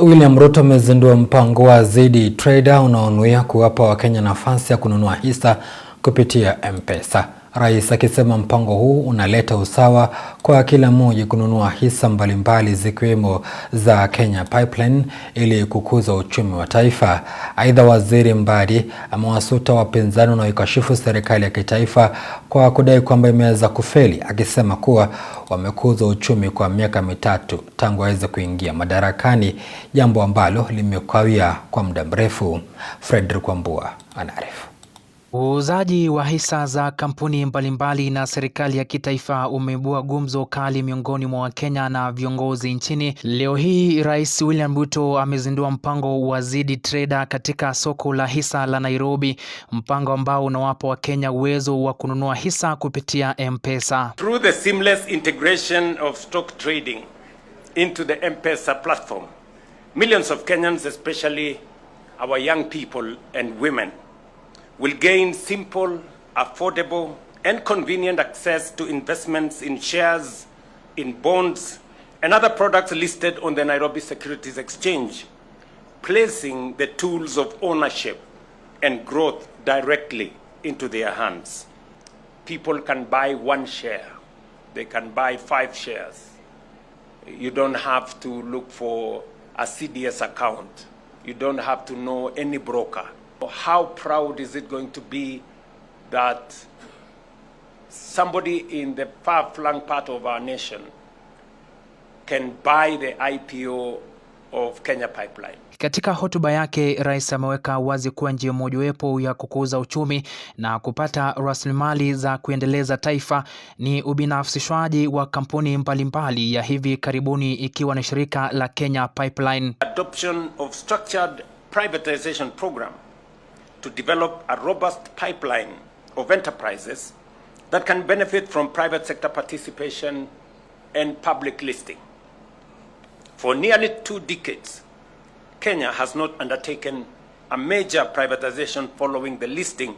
William Ruto amezindua mpango wa Zedi Trader unaonuia kuwapa Wakenya nafasi ya kununua hisa kupitia M-Pesa. Rais akisema mpango huu unaleta usawa kwa kila mmoja kununua hisa mbalimbali zikiwemo za Kenya Pipeline ili kukuza uchumi wa taifa. Aidha, Waziri Mbadi amewasuta wapinzani wanaoikashifu serikali ya kitaifa kwa kudai kwamba imeweza kufeli, akisema kuwa wamekuza uchumi kwa miaka mitatu tangu aweze kuingia madarakani, jambo ambalo limekawia kwa muda mrefu. Fredrick Wambua anaarifu. Uuzaji wa hisa za kampuni mbalimbali mbali na serikali ya kitaifa umeibua gumzo kali miongoni mwa Wakenya na viongozi nchini. Leo hii Rais William Ruto amezindua mpango wa Zidi Trader katika soko la hisa la Nairobi, mpango ambao unawapa Wakenya uwezo wa kununua hisa kupitia M-Pesa. Through the seamless integration of stock trading into the M-Pesa platform, millions of Kenyans especially our young people and women will gain simple, affordable, and convenient access to investments in shares, in bonds, and other products listed on the Nairobi Securities Exchange, placing the tools of ownership and growth directly into their hands. People can buy one share, they can buy five shares. You don't have to look for a CDS account, you don't have to know any broker. How proud is it going to be that somebody in the far-flung part of our nation can buy the IPO of Kenya Pipeline? Katika hotuba yake, rais ameweka wazi kuwa njia mojawapo ya kukuza uchumi na kupata rasilimali za kuendeleza taifa ni ubinafsishwaji wa kampuni mbalimbali ya hivi karibuni ikiwa na shirika la Kenya Pipeline. Adoption of structured privatization program to develop a robust pipeline of enterprises that can benefit from private sector participation and public listing. For nearly two decades, Kenya has not undertaken a major privatization following the listing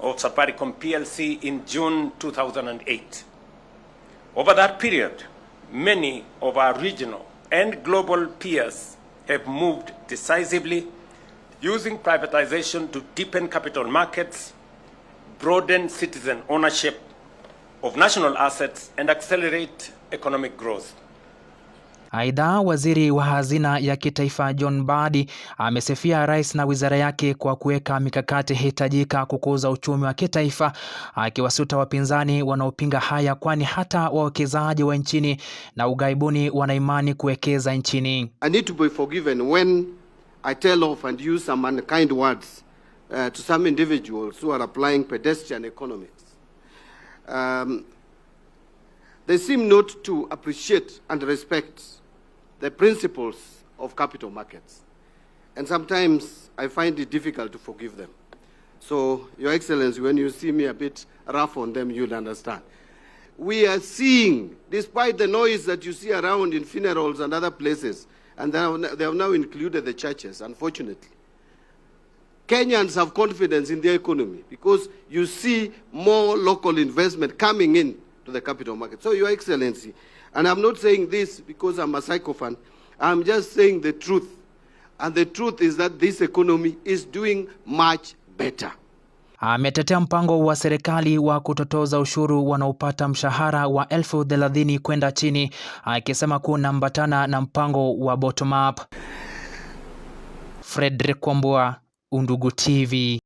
of Safaricom PLC in June 2008. Over that period, many of our regional and global peers have moved decisively using privatization to deepen capital markets, broaden citizen ownership of national assets and accelerate economic growth. Aidha, waziri wa hazina ya kitaifa John Mbadi amesifia rais na wizara yake kwa kuweka mikakati hitajika kukuza uchumi wa kitaifa, akiwasuta wapinzani wanaopinga haya, kwani hata wawekezaji wa nchini na ughaibuni wanaimani kuwekeza nchini. I need to be forgiven when I tell off and use some unkind words uh, to some individuals who are applying pedestrian economics. Um, they seem not to appreciate and respect the principles of capital markets. And sometimes I find it difficult to forgive them. So, Your Excellency, when you see me a bit rough on them, you'll understand. We are seeing, despite the noise that you see around in funerals and other places, and they have now included the churches, unfortunately. Kenyans have confidence in their economy because you see more local investment coming in to the capital market. So, Your Excellency, and I'm not saying this because I'm a psychophan. I'm just saying the truth. And the truth is that this economy is doing much better. ametetea mpango wa serikali wa kutotoza ushuru wanaopata mshahara wa elfu thelathini kwenda chini, akisema kunaambatana na mpango wa bottom up. Fredrick Kwambua, Undugu TV.